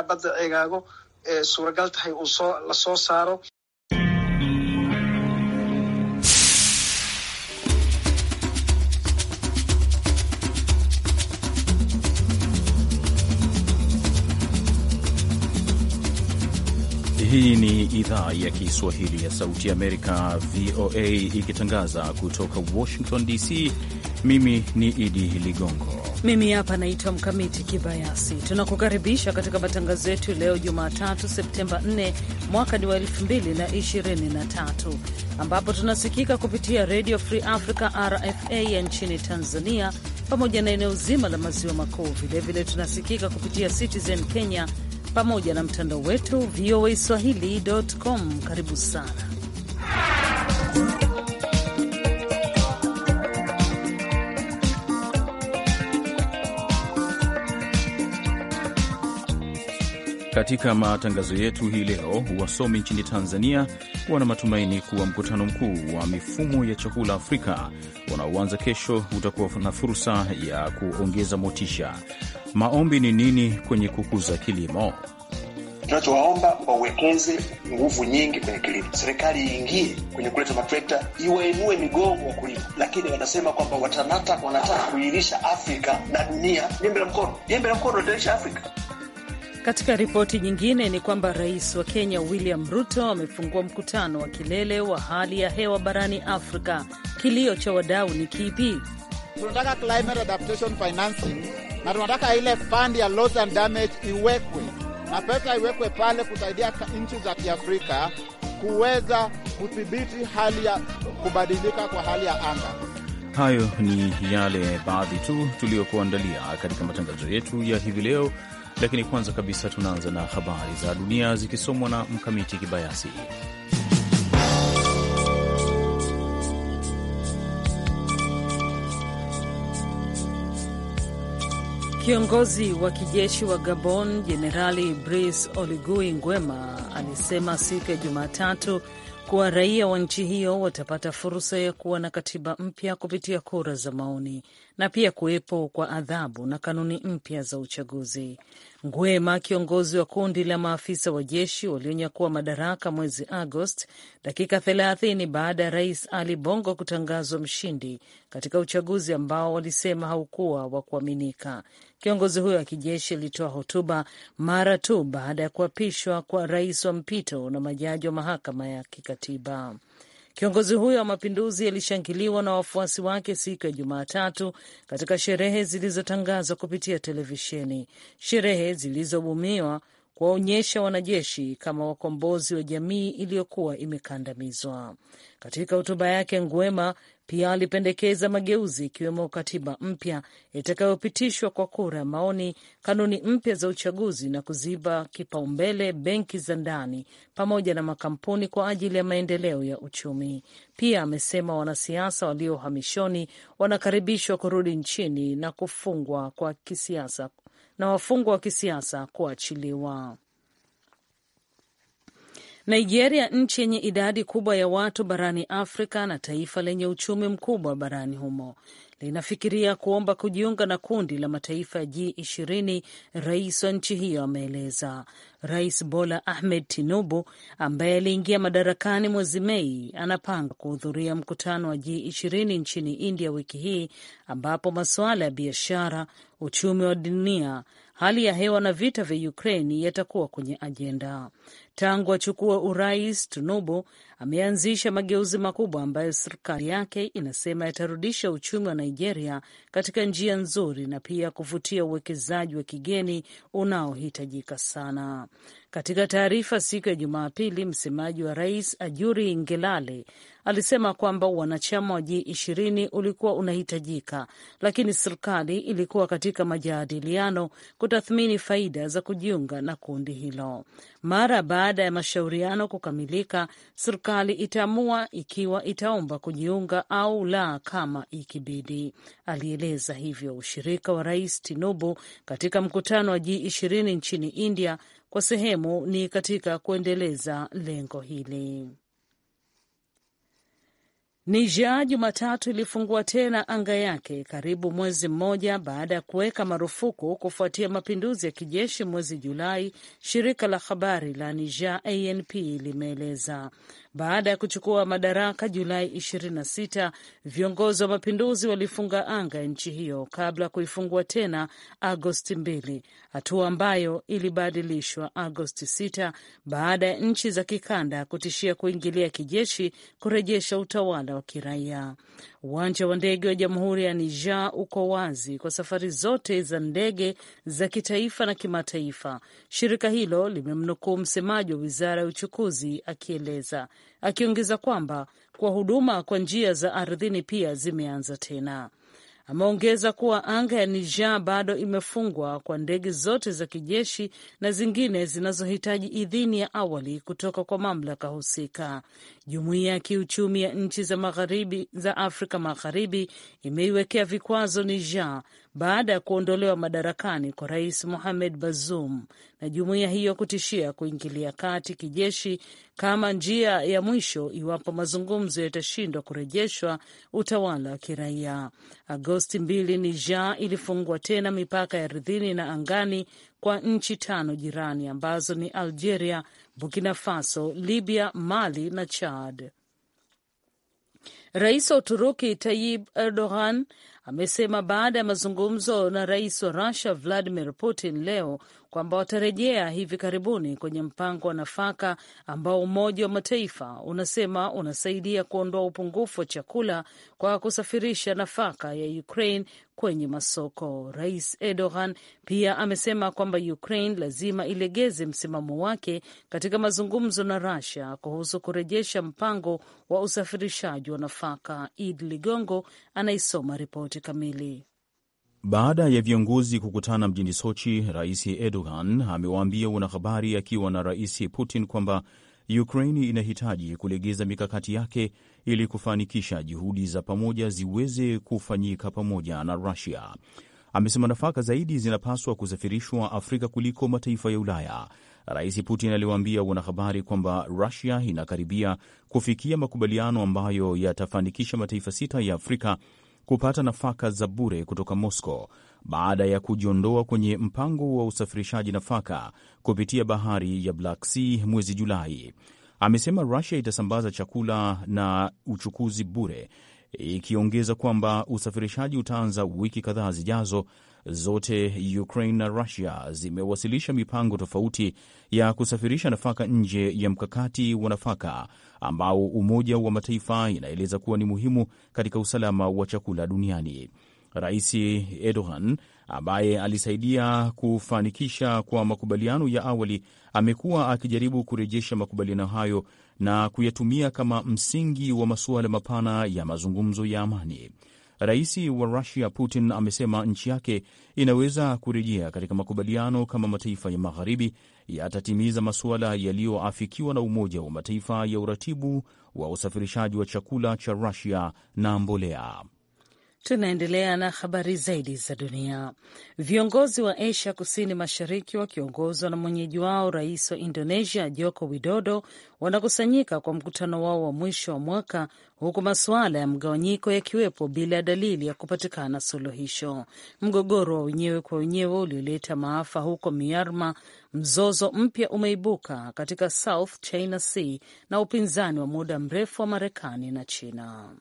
badda egaago ee suuragal tahay uu soo lasoo saaro idhaa ya Kiswahili ya Sauti Amerika, VOA, ikitangaza kutoka Washington DC. Mimi ni Idi Ligongo, mimi hapa naitwa Mkamiti Kibayasi. Tunakukaribisha katika matangazo yetu leo Jumatatu, Septemba 4 mwaka ni wa 2023, ambapo tunasikika kupitia Radio Free Africa, RFA, ya nchini Tanzania pamoja na eneo zima la maziwa makuu. Vilevile tunasikika kupitia Citizen Kenya pamoja na mtandao wetu VOA Swahili.com. Karibu sana. Katika matangazo yetu hii leo, wasomi nchini Tanzania wana matumaini kuwa mkutano mkuu wa mifumo ya chakula Afrika unaoanza kesho utakuwa na fursa ya kuongeza motisha. Maombi ni nini kwenye kukuza kilimo? Tunachowaomba wawekeze nguvu nyingi kwenye kilimo, serikali iingie kwenye kuleta matrekta, iwainue migongo wakulima. Lakini wanasema kwamba watanata wanataka kuilisha Afrika na dunia jembe la mkono, jembe la mkono litailisha Afrika. Katika ripoti nyingine ni kwamba rais wa Kenya William Ruto amefungua mkutano wa kilele wa hali ya hewa barani Afrika. Kilio cha wadau ni kipi? Tunataka climate adaptation financing na tunataka ile fund ya loss and damage iwekwe na pesa iwekwe pale kusaidia nchi za Kiafrika kuweza kudhibiti hali ya kubadilika kwa hali ya anga. Hayo ni yale baadhi tu tuliyokuandalia katika matangazo yetu ya hivi leo, lakini kwanza kabisa tunaanza na habari za dunia zikisomwa na Mkamiti Kibayasi. Kiongozi wa kijeshi wa Gabon Jenerali Brice Oligui Nguema alisema siku ya Jumatatu kuwa raia wa nchi hiyo watapata fursa ya kuwa na katiba mpya kupitia kura za maoni na pia kuwepo kwa adhabu na kanuni mpya za uchaguzi. Nguema, kiongozi wa kundi la maafisa wa jeshi walionyakua madaraka mwezi Agosti, dakika thelathini baada ya rais Ali Bongo kutangazwa mshindi katika uchaguzi ambao walisema haukuwa wa kuaminika. Kiongozi huyo wa kijeshi alitoa hotuba mara tu baada ya kuapishwa kwa rais wa mpito na majaji wa mahakama ya kikatiba. Kiongozi huyo wa mapinduzi alishangiliwa na wafuasi wake siku ya Jumatatu katika sherehe zilizotangazwa kupitia televisheni, sherehe zilizobumiwa kuwaonyesha wanajeshi kama wakombozi wa jamii iliyokuwa imekandamizwa. Katika hotuba yake, Nguema pia alipendekeza mageuzi ikiwemo katiba mpya itakayopitishwa kwa kura ya maoni, kanuni mpya za uchaguzi na kuziba kipaumbele benki za ndani pamoja na makampuni kwa ajili ya maendeleo ya uchumi. Pia amesema wanasiasa walio wanakaribishwa kurudi nchini na kufungwa kwa kisiasa na wafungwa wa kisiasa kuachiliwa. Nigeria, nchi yenye idadi kubwa ya watu barani Afrika na taifa lenye uchumi mkubwa barani humo, linafikiria kuomba kujiunga na kundi la mataifa ya G20, rais wa nchi hiyo ameeleza. Rais Bola Ahmed Tinubu ambaye aliingia madarakani mwezi Mei anapanga kuhudhuria mkutano wa G20 nchini India wiki hii ambapo masuala ya biashara, uchumi wa dunia, hali ya hewa na vita vya ukraini yatakuwa kwenye ajenda. Tangu achukua urais, Tinubu ameanzisha mageuzi makubwa ambayo serikali yake inasema yatarudisha uchumi wa Nigeria katika njia nzuri na pia kuvutia uwekezaji wa kigeni unaohitajika sana. Katika taarifa siku ya Jumapili, msemaji wa rais Ajuri Ngelale alisema kwamba wanachama wa G20 ulikuwa unahitajika, lakini serikali ilikuwa katika majadiliano kutathmini faida za kujiunga na kundi hilo. Mara baada ya mashauriano kukamilika, serikali itaamua ikiwa itaomba kujiunga au la kama ikibidi. Alieleza hivyo ushirika wa Rais Tinubu katika mkutano wa G20 nchini India, kwa sehemu ni katika kuendeleza lengo hili. Niger Jumatatu ilifungua tena anga yake karibu mwezi mmoja baada ya kuweka marufuku kufuatia mapinduzi ya kijeshi mwezi Julai, shirika la habari la Niger ANP limeeleza. Baada ya kuchukua madaraka Julai 26, viongozi wa mapinduzi walifunga anga ya nchi hiyo kabla ya kuifungua tena Agosti 2, hatua ambayo ilibadilishwa Agosti 6 baada ya nchi za kikanda kutishia kuingilia kijeshi kurejesha utawala wa kiraia. Uwanja wa ndege wa Jamhuri ya Niger uko wazi kwa safari zote za ndege za kitaifa na kimataifa, shirika hilo limemnukuu msemaji wa wizara ya uchukuzi akieleza, akiongeza kwamba kwa huduma kwa njia za ardhini pia zimeanza tena. Ameongeza kuwa anga ya Niger bado imefungwa kwa ndege zote za kijeshi na zingine zinazohitaji idhini ya awali kutoka kwa mamlaka husika. Jumuiya ya kiuchumi ya nchi za magharibi za Afrika Magharibi imeiwekea vikwazo Niger baada ya kuondolewa madarakani kwa rais Mohamed Bazoum na jumuiya hiyo kutishia kuingilia kati kijeshi kama njia ya mwisho iwapo mazungumzo yatashindwa kurejeshwa utawala wa kiraia. Agosti mbili, Niger ilifungwa tena mipaka ya ardhini na angani kwa nchi tano jirani ambazo ni Algeria, Burkina Faso, Libya, Mali na Chad. Rais wa Uturuki Tayyip Erdogan amesema baada ya mazungumzo na rais wa Russia Vladimir Putin leo kwamba watarejea hivi karibuni kwenye mpango wa nafaka ambao Umoja wa Mataifa unasema unasaidia kuondoa upungufu wa chakula kwa kusafirisha nafaka ya Ukraine kwenye masoko. Rais Erdogan pia amesema kwamba Ukraine lazima ilegeze msimamo wake katika mazungumzo na Russia kuhusu kurejesha mpango wa usafirishaji wa nafaka. Id Ligongo anaisoma ripoti kamili. Baada ya viongozi kukutana mjini Sochi, Rais Erdogan amewaambia wanahabari akiwa na Rais Putin kwamba Ukraini inahitaji kulegeza mikakati yake ili kufanikisha juhudi za pamoja ziweze kufanyika pamoja na Rusia. Amesema nafaka zaidi zinapaswa kusafirishwa Afrika kuliko mataifa ya Ulaya. Rais Putin aliwaambia wanahabari kwamba Rusia inakaribia kufikia makubaliano ambayo yatafanikisha mataifa sita ya Afrika kupata nafaka za bure kutoka Moscow baada ya kujiondoa kwenye mpango wa usafirishaji nafaka kupitia bahari ya Black Sea mwezi Julai. Amesema Rusia itasambaza chakula na uchukuzi bure ikiongeza kwamba usafirishaji utaanza wiki kadhaa zijazo. Zote Ukraine na Russia zimewasilisha mipango tofauti ya kusafirisha nafaka nje ya mkakati wa nafaka ambao Umoja wa Mataifa inaeleza kuwa ni muhimu katika usalama wa chakula duniani. Rais Erdogan ambaye alisaidia kufanikisha kwa makubaliano ya awali amekuwa akijaribu kurejesha makubaliano hayo na kuyatumia kama msingi wa masuala mapana ya mazungumzo ya amani. Rais wa Rusia Putin amesema nchi yake inaweza kurejea katika makubaliano kama mataifa ya magharibi yatatimiza masuala yaliyoafikiwa na Umoja wa Mataifa ya uratibu wa usafirishaji wa chakula cha Rusia na mbolea. Tunaendelea na habari zaidi za dunia. Viongozi wa Asia kusini mashariki wakiongozwa na mwenyeji wao rais wa Indonesia Joko Widodo wanakusanyika kwa mkutano wao wa mwisho wa mwaka, huku masuala ya mgawanyiko yakiwepo bila ya dalili ya kupatikana suluhisho. Mgogoro wa wenyewe kwa wenyewe ulioleta maafa huko Myanmar, mzozo mpya umeibuka katika South China Sea na upinzani wa muda mrefu wa Marekani na China.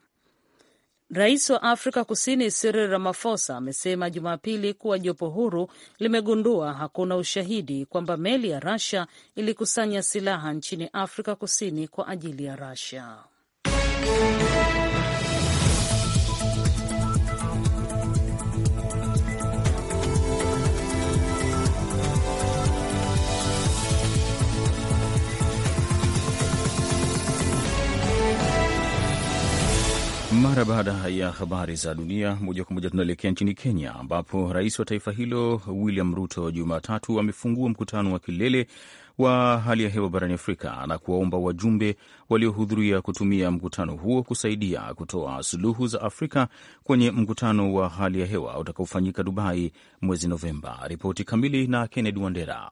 Rais wa Afrika Kusini Cyril Ramaphosa amesema Jumapili kuwa jopo huru limegundua hakuna ushahidi kwamba meli ya Russia ilikusanya silaha nchini Afrika Kusini kwa ajili ya Russia. Mara baada ya habari za dunia moja kwa moja, tunaelekea nchini Kenya ambapo rais wa taifa hilo William Ruto Jumatatu amefungua mkutano wa kilele wa hali ya hewa barani Afrika na kuwaomba wajumbe waliohudhuria kutumia mkutano huo kusaidia kutoa suluhu za Afrika kwenye mkutano wa hali ya hewa utakaofanyika Dubai mwezi Novemba. Ripoti kamili na Kennedy Wandera.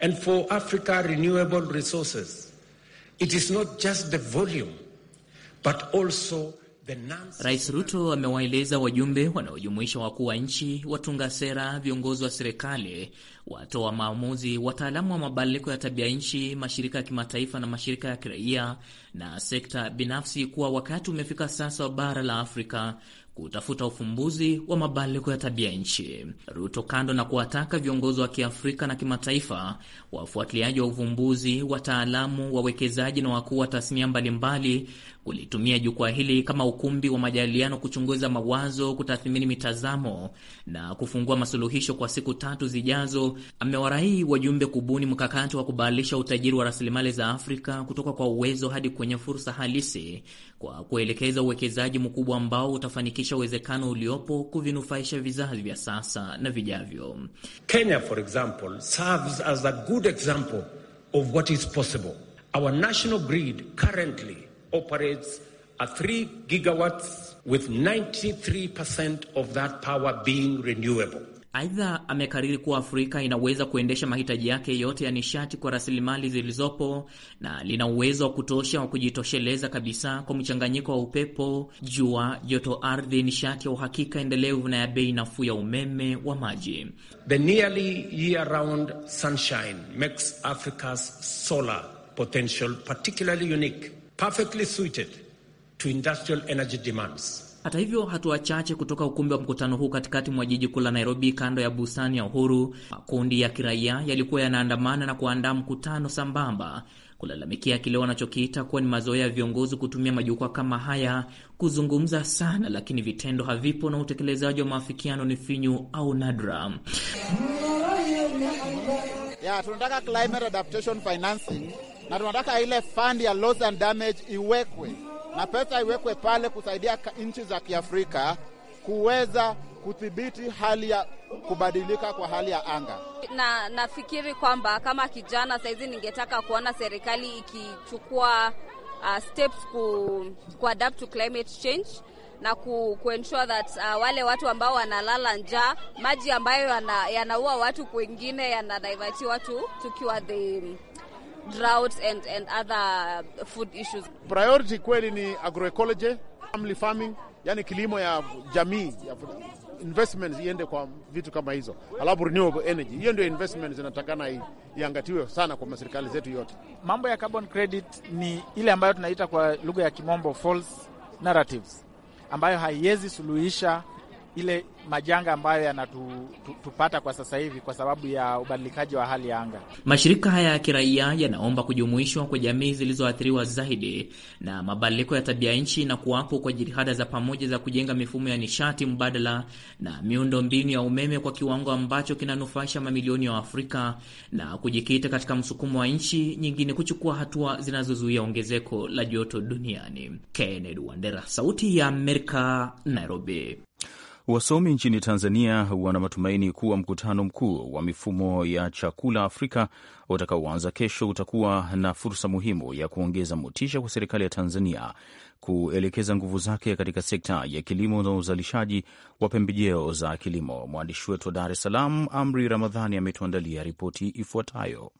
And for Africa renewable resources it is not just the volume but also Rais Ruto amewaeleza wajumbe wanaojumuisha wakuu wa nchi, watunga sera, viongozi wa serikali, watoa wa maamuzi, wataalamu wa mabadiliko ya tabia nchi, mashirika ya kimataifa na mashirika ya kiraia na sekta binafsi kuwa wakati umefika sasa wa bara la Afrika kutafuta ufumbuzi wa mabadiliko ya tabia nchi. Ruto, kando na kuwataka viongozi wa Kiafrika na kimataifa, wafuatiliaji wa uvumbuzi, wataalamu, wawekezaji na wakuu wa tasnia mbalimbali kulitumia jukwaa hili kama ukumbi wa majadiliano kuchunguza mawazo, kutathmini mitazamo na kufungua masuluhisho kwa siku tatu zijazo. amewarahii wajumbe kubuni mkakati wa kubadilisha utajiri wa rasilimali za Afrika kutoka kwa uwezo hadi kwenye fursa halisi kwa kuelekeza uwekezaji mkubwa ambao utafanikisha kudhihirisha uwezekano uliopo kuvinufaisha vizazi vya sasa na vijavyo. Kenya for example serves as a good example of what is possible. Our national grid currently operates a 3 gigawatts with 93% of that power being renewable. Aidha, amekariri kuwa Afrika inaweza kuendesha mahitaji yake yote ya nishati kwa rasilimali zilizopo na lina uwezo wa kutosha wa kujitosheleza kabisa kwa mchanganyiko wa upepo, jua, joto ardhi, nishati ya uhakika endelevu na ya bei nafuu ya umeme wa maji. The nearly year-round sunshine makes Africa's solar potential particularly unique, perfectly suited to industrial energy demands. Hata hivyo, hatua chache kutoka ukumbi wa mkutano huu katikati mwa jiji kuu la Nairobi, kando ya bustani ya Uhuru, makundi ya kiraia yalikuwa yanaandamana na kuandaa mkutano sambamba kulalamikia kile wanachokiita kuwa ni mazoea ya viongozi kutumia majukwaa kama haya kuzungumza sana, lakini vitendo havipo na utekelezaji wa maafikiano ni finyu au nadra. Yeah, tunataka climate adaptation financing na tunataka ile fund ya loss and damage iwekwe na pesa iwekwe pale kusaidia nchi za Kiafrika kuweza kudhibiti hali ya kubadilika kwa hali ya anga. Na nafikiri kwamba kama kijana saizi ningetaka kuona serikali ikichukua uh, steps ku, ku adapt to climate change na ku, ku ensure that uh, wale watu ambao wanalala njaa, maji ambayo yanaua watu kwingine yanadaivati watu tukiwa the drought and, and other food issues. Priority kweli ni agroecology, family farming, yani kilimo ya jamii ya investments iende kwa vitu kama hizo, alafu renewable energy. Hiyo ndio investment zinatakana iangatiwe sana kwa serikali zetu yote. Mambo ya carbon credit ni ile ambayo tunaita kwa lugha ya kimombo false narratives, ambayo haiwezi suluhisha ile majanga ambayo yanatupata kwa sasa hivi kwa sababu ya ubadilikaji wa hali ya anga. Mashirika haya ya kiraia yanaomba kujumuishwa kwa jamii zilizoathiriwa zaidi na mabadiliko ya tabia nchi na kuwapo kwa jitihada za pamoja za kujenga mifumo ya nishati mbadala na miundo mbinu ya umeme kwa kiwango ambacho kinanufaisha mamilioni ya Waafrika na kujikita katika msukumo wa nchi nyingine kuchukua hatua zinazozuia ongezeko la joto duniani. Kennedy Wandera, Sauti ya Amerika, Nairobi. Wasomi nchini Tanzania wana matumaini kuwa mkutano mkuu wa mifumo ya chakula Afrika utakaoanza kesho utakuwa na fursa muhimu ya kuongeza motisha kwa serikali ya Tanzania kuelekeza nguvu zake katika sekta ya kilimo na uzalishaji wa pembejeo za kilimo. Mwandishi wetu wa Dar es Salaam, Amri Ramadhani, ametuandalia ripoti ifuatayo.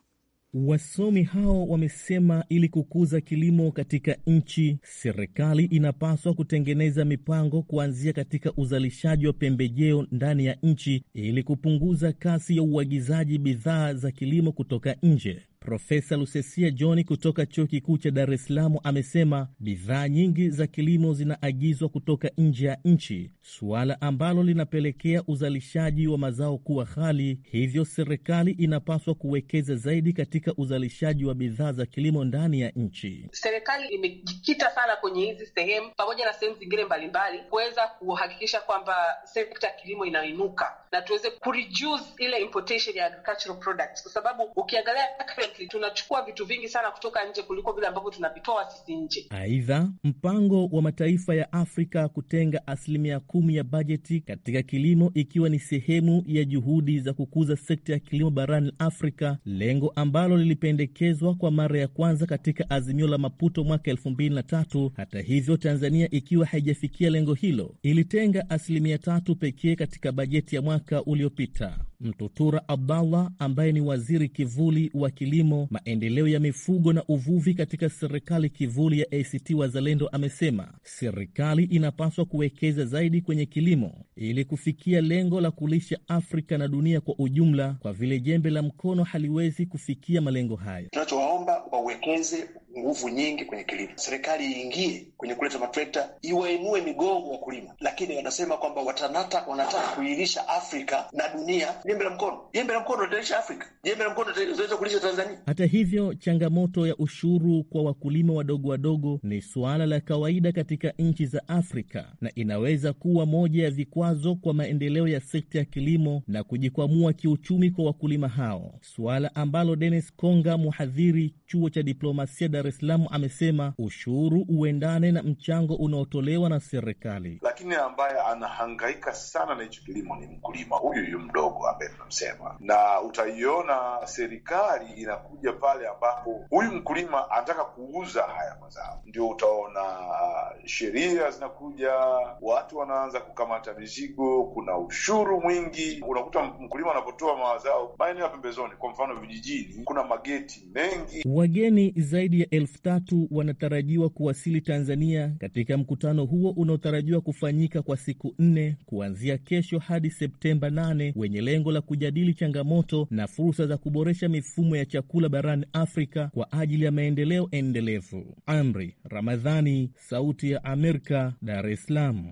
Wasomi hao wamesema ili kukuza kilimo katika nchi, serikali inapaswa kutengeneza mipango kuanzia katika uzalishaji wa pembejeo ndani ya nchi ili kupunguza kasi ya uagizaji bidhaa za kilimo kutoka nje. Profesa Lusesia John kutoka Chuo Kikuu cha Dar es Salaam amesema bidhaa nyingi za kilimo zinaagizwa kutoka nje ya nchi, suala ambalo linapelekea uzalishaji wa mazao kuwa ghali. Hivyo serikali inapaswa kuwekeza zaidi katika uzalishaji wa bidhaa za kilimo ndani ya nchi. Serikali imejikita sana kwenye hizi sehemu pamoja na sehemu zingine mbalimbali kuweza kuhakikisha kwamba sekta ya kilimo inainuka na tuweze kureduce ile importation ya agricultural products, kwa sababu ukiangalia directly. Tunachukua vitu vingi sana kutoka nje kuliko vile ambavyo tunavitoa sisi nje. Aidha, mpango wa mataifa ya Afrika kutenga asilimia kumi ya bajeti katika kilimo ikiwa ni sehemu ya juhudi za kukuza sekta ya kilimo barani Afrika, lengo ambalo lilipendekezwa kwa mara ya kwanza katika azimio la Maputo mwaka elfu mbili na tatu. Hata hivyo, Tanzania ikiwa haijafikia lengo hilo, ilitenga asilimia tatu pekee katika bajeti ya mwaka uliopita. Mtutura Abdallah ambaye ni waziri kivuli wa kilimo kilimo, maendeleo ya mifugo na uvuvi katika serikali kivuli ya ACT Wazalendo amesema serikali inapaswa kuwekeza zaidi kwenye kilimo ili kufikia lengo la kulisha Afrika na dunia kwa ujumla, kwa vile jembe la mkono haliwezi kufikia malengo hayo. Tunachowaomba wawekeze nguvu nyingi kwenye kilimo. Serikali iingie kwenye kuleta matrekta, iwainue migongo wakulima, lakini wanasema kwamba watanata wanataka kuilisha Afrika na dunia. Jembe la mkono, jembe la mkono litalisha Afrika, jembe la mkono litaweza kulisha Tanzania. Hata hivyo, changamoto ya ushuru kwa wakulima wadogo wadogo ni suala la kawaida katika nchi za Afrika na inaweza kuwa moja ya vikwazo kwa maendeleo ya sekta ya kilimo na kujikwamua kiuchumi kwa wakulima hao, suala ambalo Dennis Konga, mhadhiri chuo cha diplomasia Dar es Salaam amesema ushuru uendane na mchango unaotolewa na serikali, lakini ambaye anahangaika sana na hicho kilimo ni mkulima huyu huyu mdogo ambaye tunamsema, na utaiona serikali inakuja pale ambapo huyu mkulima anataka kuuza haya mazao, ndio utaona uh, sheria zinakuja, watu wanaanza kukamata mizigo, kuna ushuru mwingi. Unakuta mkulima anapotoa mazao maeneo ya pembezoni, kwa mfano vijijini, kuna mageti mengi. Wageni zaidi ya elfu tatu wanatarajiwa kuwasili Tanzania katika mkutano huo unaotarajiwa kufanyika kwa siku nne kuanzia kesho hadi Septemba 8 wenye lengo la kujadili changamoto na fursa za kuboresha mifumo ya chakula barani Afrika kwa ajili ya maendeleo endelevu. Amri Ramadhani, Sauti ya Amerika, Dar es Salaam.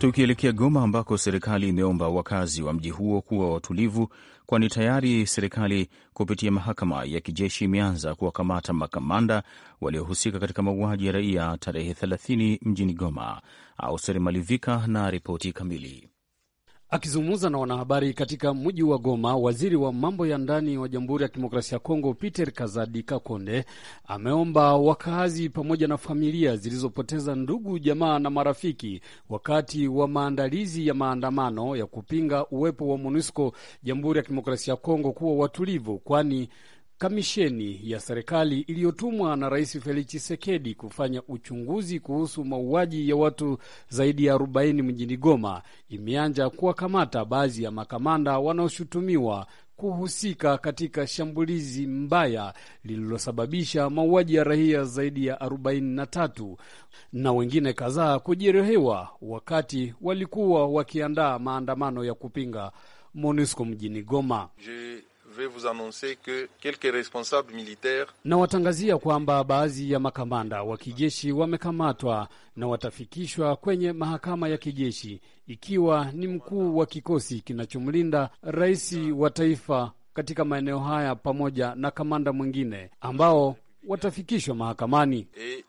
Tukielekea Goma ambako serikali imeomba wakazi wa mji huo kuwa watulivu, kwani tayari serikali kupitia mahakama ya kijeshi imeanza kuwakamata makamanda waliohusika katika mauaji ya raia tarehe 30 mjini Goma. Auseri Malivika na ripoti kamili. Akizungumza na wanahabari katika mji wa Goma, waziri wa mambo ya ndani wa Jamhuri ya Kidemokrasia ya Kongo Peter kazadi kakonde ameomba wakazi pamoja na familia zilizopoteza ndugu, jamaa na marafiki wakati wa maandalizi ya maandamano ya kupinga uwepo wa MONUSCO Jamhuri ya Kidemokrasia ya Kongo kuwa watulivu, kwani Kamisheni ya serikali iliyotumwa na Rais Felix Tshisekedi kufanya uchunguzi kuhusu mauaji ya watu zaidi ya 40 mjini Goma imeanza kuwakamata baadhi ya makamanda wanaoshutumiwa kuhusika katika shambulizi mbaya lililosababisha mauaji ya raia zaidi ya 43 na wengine kadhaa kujeruhiwa wakati walikuwa wakiandaa maandamano ya kupinga MONUSCO mjini Goma Je vais vous annoncer que quelques responsables militaires. Nawatangazia kwamba baadhi ya makamanda wa kijeshi wamekamatwa na watafikishwa kwenye mahakama ya kijeshi, ikiwa ni mkuu wa kikosi kinachomlinda rais wa taifa katika maeneo haya pamoja na kamanda mwingine ambao watafikishwa mahakamani. E,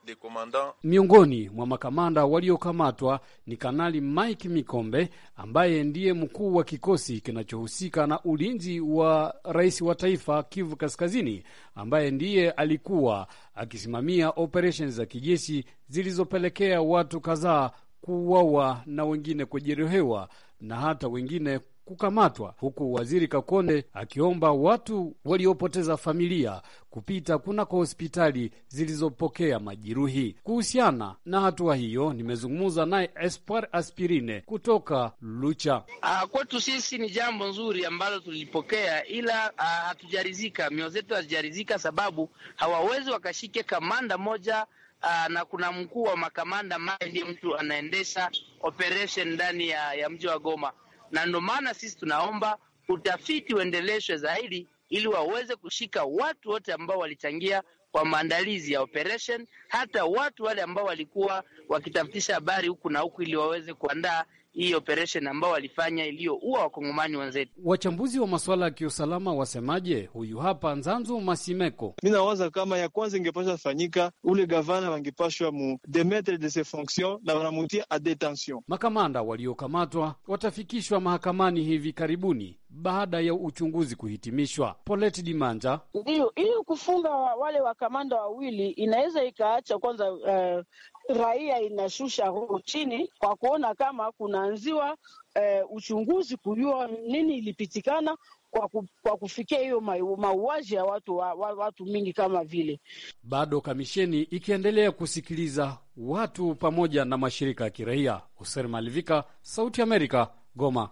Miongoni mwa makamanda waliokamatwa ni Kanali Mike Mikombe ambaye ndiye mkuu wa kikosi kinachohusika na ulinzi wa rais wa taifa Kivu Kaskazini, ambaye ndiye alikuwa akisimamia operesheni za kijeshi zilizopelekea watu kadhaa kuuawa na wengine kujeruhiwa na hata wengine kukamatwa, huku waziri Kakonde akiomba watu waliopoteza familia kupita kunako hospitali zilizopokea majeruhi. Kuhusiana na hatua hiyo, nimezungumza naye Espoir Aspirine kutoka Lucha. Uh, kwetu sisi ni jambo nzuri ambalo tulipokea, ila uh, ah, hatujarizika, mioyo zetu hazijarizika, sababu hawawezi wakashike kamanda moja Aa, ah, na kuna mkuu wa makamanda ambaye ndiye mtu anaendesha operation ndani ya, ya mji wa Goma na ndio maana sisi tunaomba utafiti uendeleshwe zaidi ili waweze kushika watu wote ambao walichangia kwa maandalizi ya operation, hata watu wale ambao walikuwa wakitafutisha habari huku na huku ili waweze kuandaa hii operation ambao walifanya iliyoua wakongomani wenzetu. Wachambuzi wa masuala ya kiusalama wasemaje? Huyu hapa Nzanzu Masimeko. Mi nawaza kama ya kwanza ingepashwa fanyika, ule gavana wangepashwa mu demetre de ses fonctions na wanamutia a detention. Makamanda waliokamatwa watafikishwa mahakamani hivi karibuni baada ya uchunguzi kuhitimishwa. Polet Dimanja: ndiyo, ili kufunga wale wakamanda wawili inaweza ikaacha kwanza uh, raia inashusha roho chini kwa kuona kama kunaanziwa eh, uchunguzi kujua nini ilipitikana kwa, ku, kwa kufikia hiyo mauaji ya watu, wa, watu mingi kama vile. Bado kamisheni ikiendelea kusikiliza watu pamoja na mashirika ya kiraia. Hoser Malivika, Sauti Amerika, Goma.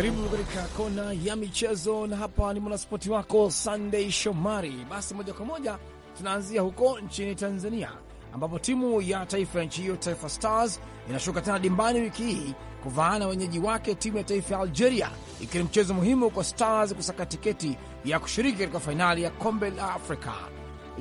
Karibu katika kona ya michezo, na hapa ni mwanaspoti wako Sunday Shomari. Basi moja kwa moja tunaanzia huko nchini Tanzania, ambapo timu ya taifa ya nchi hiyo Taifa Stars inashuka tena dimbani wiki hii kuvaana wenyeji wake timu ya taifa ya Algeria, ikiwa ni mchezo muhimu kwa Stars kusaka tiketi ya kushiriki katika fainali ya kombe la Afrika.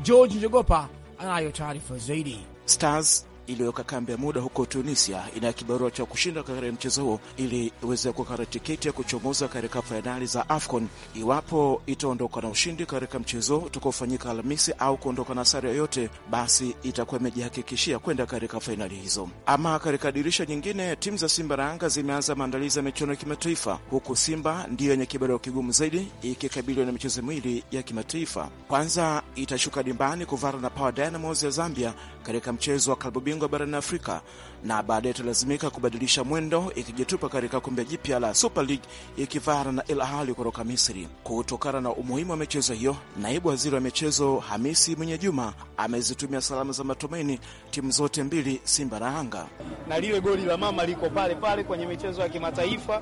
George Njogopa anayo taarifa zaidi. Stars iliyoweka kambi ya muda huko Tunisia ina kibarua cha kushinda katika mchezo huo ili iweze kukata tiketi ya kuchomoza katika fainali za AFCON iwapo itaondoka na ushindi katika mchezo utakaofanyika Alhamisi au kuondoka na sare yoyote, basi itakuwa imejihakikishia kwenda katika fainali hizo. Ama katika dirisha nyingine, timu za Simba na Yanga zimeanza maandalizi ya michuano ya kimataifa, huku Simba ndiyo yenye kibarua kigumu zaidi ikikabiliwa na michezo miwili ya kimataifa. Kwanza itashuka dimbani kuvara na Power Dynamos ya Zambia katika mchezo wa klabu kutengwa barani Afrika na baadaye italazimika kubadilisha mwendo ikijitupa katika kombe jipya la Super League ikivara na Al Ahly kutoka Misri. Kutokana na umuhimu wa michezo hiyo, naibu waziri wa michezo Hamisi Mwenye Juma amezitumia salamu za matumaini timu zote mbili, Simba na Yanga. Na lile goli la mama liko pale pale kwenye michezo ya kimataifa,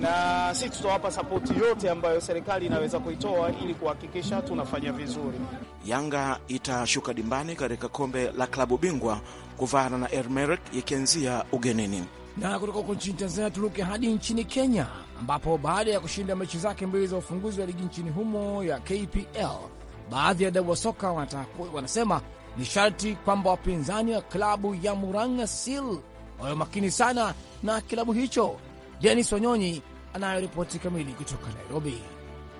na sisi tutawapa sapoti yote ambayo serikali inaweza kuitoa ili kuhakikisha tunafanya vizuri. Yanga itashuka dimbani katika kombe la klabu bingwa kuvana na Ermerek yakianzia ugenini. Na kutoka huko nchini Tanzania turuke hadi nchini Kenya, ambapo baada ya kushinda mechi zake mbili za ufunguzi wa ligi nchini humo ya KPL, baadhi ya dabu wa soka wanasema ni sharti kwamba wapinzani wa klabu ya Murang'a Seal wawe makini sana na kilabu hicho. Denis Wanyonyi anayo ripoti kamili kutoka Nairobi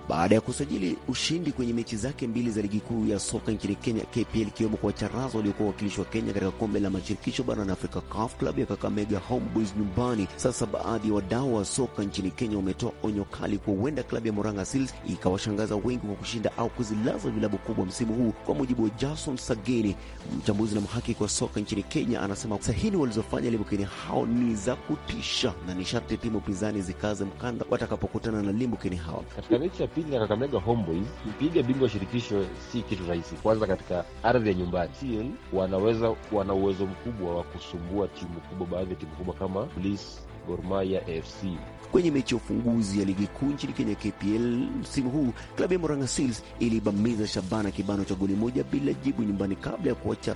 baada ya kusajili ushindi kwenye mechi zake mbili za ligi kuu ya soka nchini Kenya KPL, ikiwemo kwa Charaza waliokuwa wakilishi wa Kenya katika kombe la mashirikisho barani Afrika CAF Club ya Kakamega Homeboys nyumbani. Sasa baadhi ya wadau wa soka nchini Kenya wametoa onyo kali kwa huenda klabu ya Moranga Seals ikawashangaza wengi kwa kushinda au kuzilaza vilabu kubwa msimu huu. Kwa mujibu wa Jason Sageni, mchambuzi na mhakiki wa soka nchini Kenya, anasema sahini walizofanya Limbukeni hao ni za kutisha na ni sharti timu pinzani zikaze mkanda watakapokutana na Limbukeni hao katika mechi pili na Kakamega Homeboys, kupiga bingwa shirikisho si kitu rahisi, kwanza katika ardhi ya nyumbani. CL wanaweza, wana uwezo mkubwa wa kusumbua timu kubwa, baadhi ya timu kubwa kama Police, Gor Mahia, AFC Kwenye mechi ya ufunguzi ya ligi kuu nchini Kenya KPL msimu huu, klabu ya Murang'a Seals ilibamiza Shabana kibano cha goli moja bila jibu nyumbani kabla ya kuwacha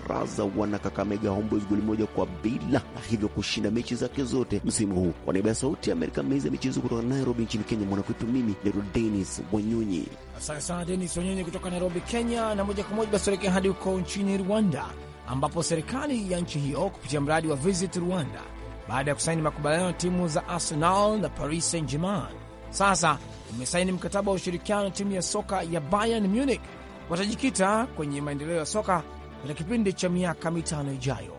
wana Kakamega Homeboys goli moja kwa bila, na hivyo kushinda mechi zake zote msimu huu. Kwa niaba ya Sauti ya Amerika, meza ya michezo kutoka Nairobi nchini Kenya, mwanakwetu mimi naitwa Denis Wanyonyi. Asante sana Denis Wanyonyi kutoka Nairobi, Kenya. Na moja kwa moja basi hadi huko nchini Rwanda ambapo serikali ya nchi hiyo kupitia mradi wa Visit Rwanda baada ya kusaini makubaliano timu za Arsenal na Paris Saint Germain. Sasa imesaini mkataba wa ushirikiano na timu ya soka ya Bayern Munich. Watajikita kwenye maendeleo ya soka katika kipindi cha miaka mitano ijayo.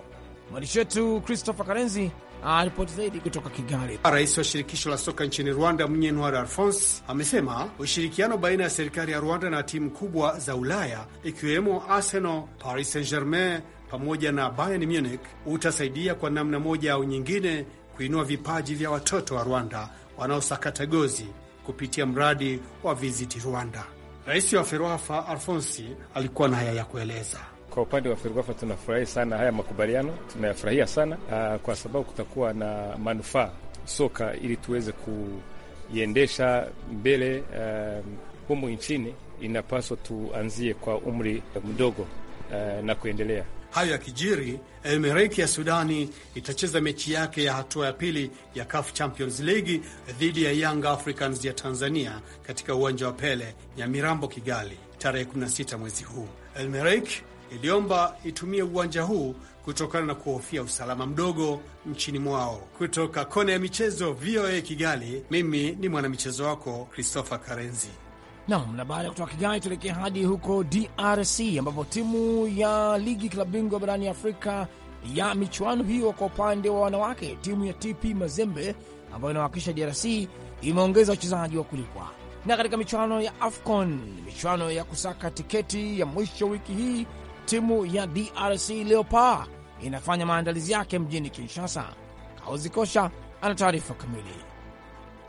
Mwandishi wetu Christopher Karenzi aripoti zaidi kutoka Kigali. Rais wa shirikisho la soka nchini Rwanda, Mnyenwari Alphonse, amesema ushirikiano baina ya serikali ya Rwanda na timu kubwa za Ulaya ikiwemo Arsenal, Paris Saint Germain pamoja na Bayern Munich utasaidia kwa namna moja au nyingine kuinua vipaji vya watoto wa Rwanda wanaosakata gozi kupitia mradi wa Visit Rwanda. Rais wa FERWAFA Alfonsi alikuwa na haya ya kueleza. Kwa upande wa FERWAFA tunafurahi sana haya makubaliano, tunayafurahia sana ah, kwa sababu kutakuwa na manufaa soka ili tuweze kuiendesha mbele. Um, humu nchini inapaswa tuanzie kwa umri mdogo aa, ah, na kuendelea Hayo ya kijiri Elmereki ya Sudani itacheza mechi yake ya hatua ya pili ya CAF Champions League dhidi ya Young Africans ya Tanzania katika uwanja wa Pele Nyamirambo, Kigali, tarehe 16 mwezi huu. Elmereki iliomba itumie uwanja huu kutokana na kuhofia usalama mdogo nchini mwao. Kutoka kona ya michezo, VOA Kigali, mimi ni mwanamichezo wako Christopher Karenzi. Nam, na baada ya kutoka Kigali tuelekea hadi huko DRC ambapo timu ya ligi klabu bingwa barani Afrika ya michuano hiyo kwa upande wa wanawake, timu ya TP Mazembe ambayo inawakilisha DRC imeongeza wachezaji wa kulipwa. Na katika michuano ya AFCON, michuano ya kusaka tiketi ya mwisho wiki hii, timu ya DRC leopa inafanya maandalizi yake mjini Kinshasa. Kaozi Kosha ana taarifa kamili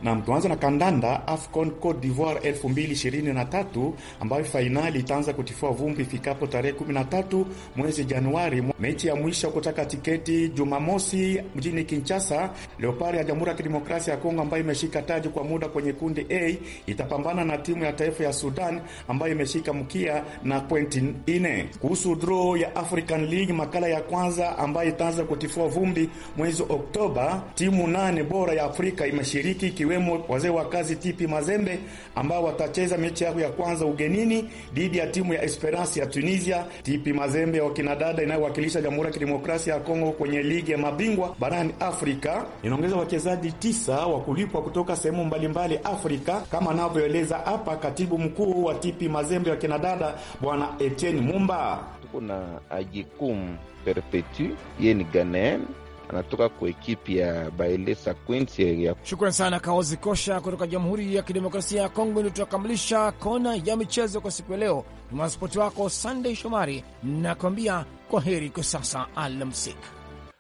na tuanze na kandanda. AFCON Cote d'Ivoire 2023 ambayo fainali itaanza kutifua vumbi ifikapo tarehe 13 mwezi Januari. Mechi ya mwisho kutaka tiketi Jumamosi mjini Kinshasa, Leopard ya Jamhuri ya Kidemokrasia ya Kongo ambayo imeshika taji kwa muda kwenye kundi A itapambana na timu ya taifa ya Sudan ambayo imeshika mkia na pointi nne. Kuhusu draw ya African League makala ya kwanza ambayo itaanza kutifua vumbi mwezi Oktoba, timu nane bora ya Afrika imeshiriki wakiwemo wazee wa kazi Tipi Mazembe ambao watacheza mechi yao ya kwanza ugenini dhidi ya timu ya Esperance ya Tunisia. Tipi Mazembe wa kinadada inayowakilisha Jamhuri ya Kidemokrasia ya Kongo kwenye ligi ya mabingwa barani Afrika inaongeza wachezaji tisa wa kulipwa kutoka sehemu mbalimbali Afrika, kama anavyoeleza hapa katibu mkuu wa Tipi Mazembe wa kinadada Bwana Etienne Mumba. Tuko na ajikum Perpetu, yeye ni Ghanaian anatoka kwa ekipi ya Baelesa Queens ya. Shukran sana Kaozi Kosha kutoka Jamhuri ya Kidemokrasia ya Kongo. Ndio tunakamilisha kona ya michezo kwa siku ya leo. Ni mwanaspoti wako Sandey Shomari nakuambia kwa heri kwa sasa, alamsik.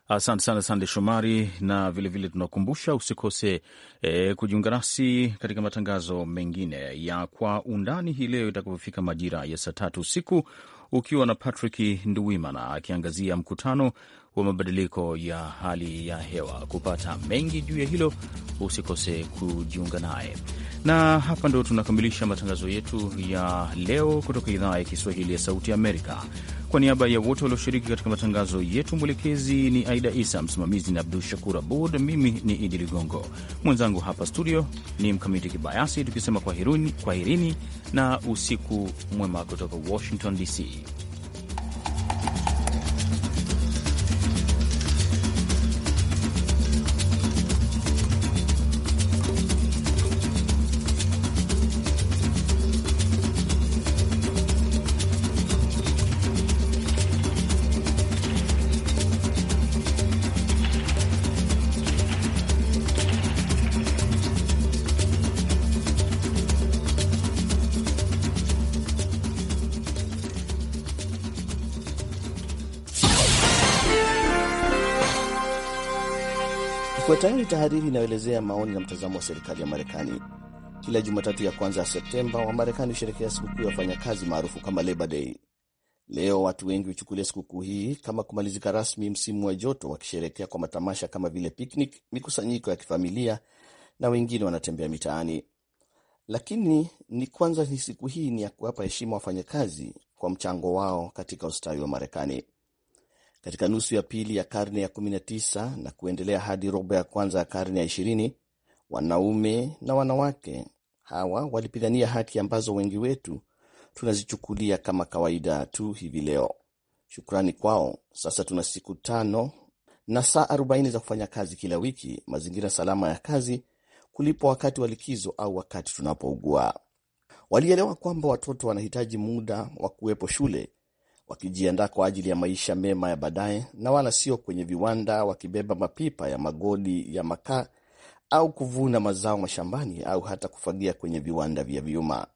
Asante sana Sande Shomari, na vilevile tunakumbusha usikose e, kujiunga nasi katika matangazo mengine ya Kwa Undani hii leo itakapofika majira ya saa tatu usiku ukiwa na Patrick Nduwimana akiangazia mkutano wa mabadiliko ya hali ya hewa. Kupata mengi juu ya hilo, usikose kujiunga naye. Na hapa ndo tunakamilisha matangazo yetu ya leo kutoka idhaa ya Kiswahili ya Sauti Amerika. Kwa niaba ya wote walioshiriki katika matangazo yetu, mwelekezi ni Aida Isa, msimamizi ni Abdul Shakur Abud, mimi ni Idi Ligongo, mwenzangu hapa studio ni Mkamiti Kibayasi, tukisema kwaherini, kwaherini na usiku mwema kutoka Washington DC. Tayari tahariri inayoelezea maoni na mtazamo wa serikali ya Marekani. Kila Jumatatu ya kwanza ya Septemba, Wamarekani husherekea sikukuu ya wafanyakazi maarufu kama Labor Day. Leo watu wengi huchukulia sikukuu hii kama kumalizika rasmi msimu wa joto, wakisherekea kwa matamasha kama vile picnic, mikusanyiko ya kifamilia na wengine wanatembea mitaani. Lakini ni kwanza, ni siku hii ni ya kuwapa heshima wafanyakazi kwa mchango wao katika ustawi wa Marekani katika nusu ya pili ya karne ya 19 na kuendelea hadi robo ya kwanza ya karne ya 20. Wanaume na wanawake hawa walipigania haki ambazo wengi wetu tunazichukulia kama kawaida tu hivi leo. Shukrani kwao, sasa tuna siku tano na saa 40 za kufanya kazi kila wiki, mazingira salama ya kazi, kulipwa wakati wa likizo au wakati tunapougua. Walielewa kwamba watoto wanahitaji muda wa kuwepo shule wakijiandaa kwa ajili ya maisha mema ya baadaye na wala sio kwenye viwanda wakibeba mapipa ya magodi ya makaa au kuvuna mazao mashambani au hata kufagia kwenye viwanda vya vyuma.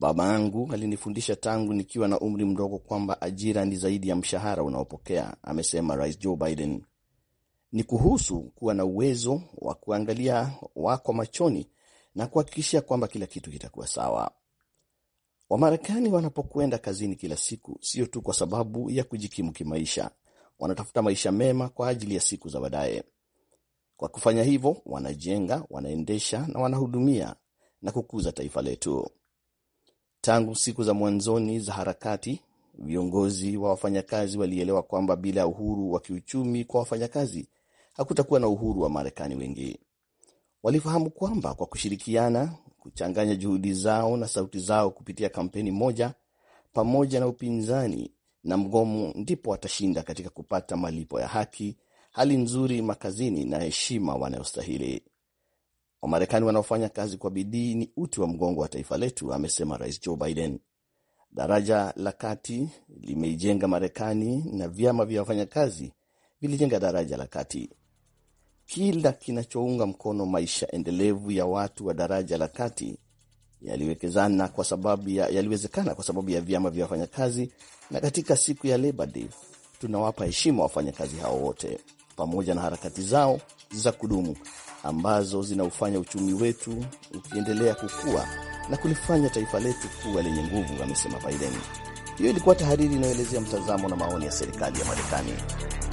Baba yangu alinifundisha tangu nikiwa na umri mdogo kwamba ajira ni zaidi ya mshahara unaopokea, amesema Rais Joe Biden. Ni kuhusu kuwa na uwezo wa kuangalia wako machoni na kuhakikishia kwamba kila kitu kitakuwa sawa. Wamarekani wanapokwenda kazini kila siku, sio tu kwa sababu ya kujikimu kimaisha, wanatafuta maisha mema kwa ajili ya siku za baadaye. Kwa kufanya hivyo, wanajenga, wanaendesha na wanahudumia na kukuza taifa letu. Tangu siku za mwanzoni za harakati, viongozi wa wafanyakazi walielewa kwamba bila ya uhuru wa kiuchumi kwa wafanyakazi hakutakuwa na uhuru wa Marekani wengi. Walifahamu kwamba kwa kushirikiana kuchanganya juhudi zao na sauti zao kupitia kampeni moja pamoja na upinzani na mgomo, ndipo watashinda katika kupata malipo ya haki, hali nzuri makazini na heshima wanayostahili. Wamarekani wanaofanya kazi kwa bidii ni uti wa mgongo wa taifa letu, amesema Rais Joe Biden. Daraja la kati limeijenga Marekani na vyama vya wafanyakazi vilijenga daraja la kati kila kinachounga mkono maisha endelevu ya watu wa daraja la kati yaliwezekana kwa sababu ya, yaliwezekana kwa sababu ya vyama vya wafanyakazi, na katika siku ya Labor Day tunawapa heshima wafanyakazi hao wote pamoja na harakati zao za kudumu ambazo zinaufanya uchumi wetu ukiendelea kukua na kulifanya taifa letu kuwa lenye nguvu, amesema Biden. Hiyo ilikuwa tahariri inayoelezea mtazamo na maoni ya serikali ya Marekani.